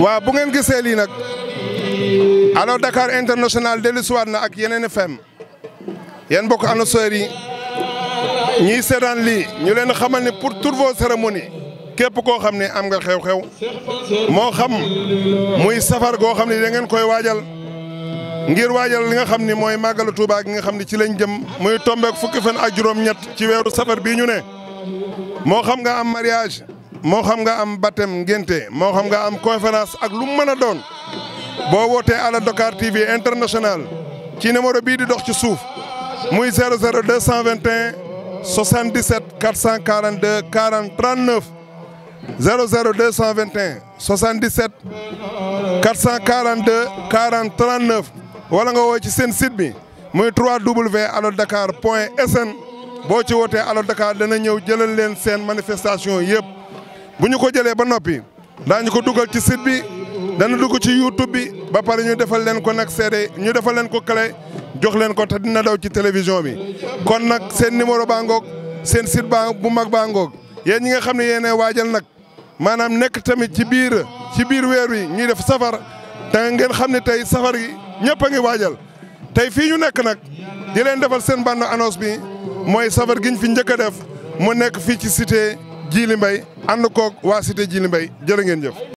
waaw bu ngeen gisee lii nag alors Dakar international dellusiwaat na ak yeneen FM yéen mbokk annonceurs yi ñiy seetaan li ñu leen xamal ni pour toutes vos cérémonies képp koo xam ne am nga xew-xew moo xam muy safar goo xam ne da ngeen koy waajal ngir waajal li nga xam ni mooy màggalu Touba gi nga xam ne ci lañ jëm muy tombeek fukki fan ak juróom-ñett ci weeru safar bii ñu ne moo xam nga am mariage. moo xam nga am baptême ngénte moo xam nga am conférence ak lu mu mën a doon boo wootee Ala Dakar TV international ci numéro bii di dox ci suuf muy 00 221 77 442 40 39 00 221 77 442 40 39 wala nga woo ci seen site bi muy 3W alodakar point sn boo ci wootee Ala Dakar dana ñëw jëlal leen seen manifestation yëpp. bu ñu ko jëlee ba noppi daañu ko dugal ci site bi dana dugg ci YouTube bi ba pare ñu defal leen ko nag CD ñu defal leen ko clé jox leen ko te dina daw ci télévision bi kon nag seen numéro baa ngoog seen site bu mag baa ngoog yéen ñi nga xam ne yéenay waajal nag maanaam nekk tamit ci biir ci biir weer wi ñuy def safar te ngeen xam ne tey safar gi ñëpp a ngi waajal tey fii ñu nekk nag di leen defal seen bande annonce bi mooy safar gi fi njëkk a def mu nekk fii ci cité. Djily Mbaye ànd koog waa Cité Djily Mbaye jërë ngeen jëf.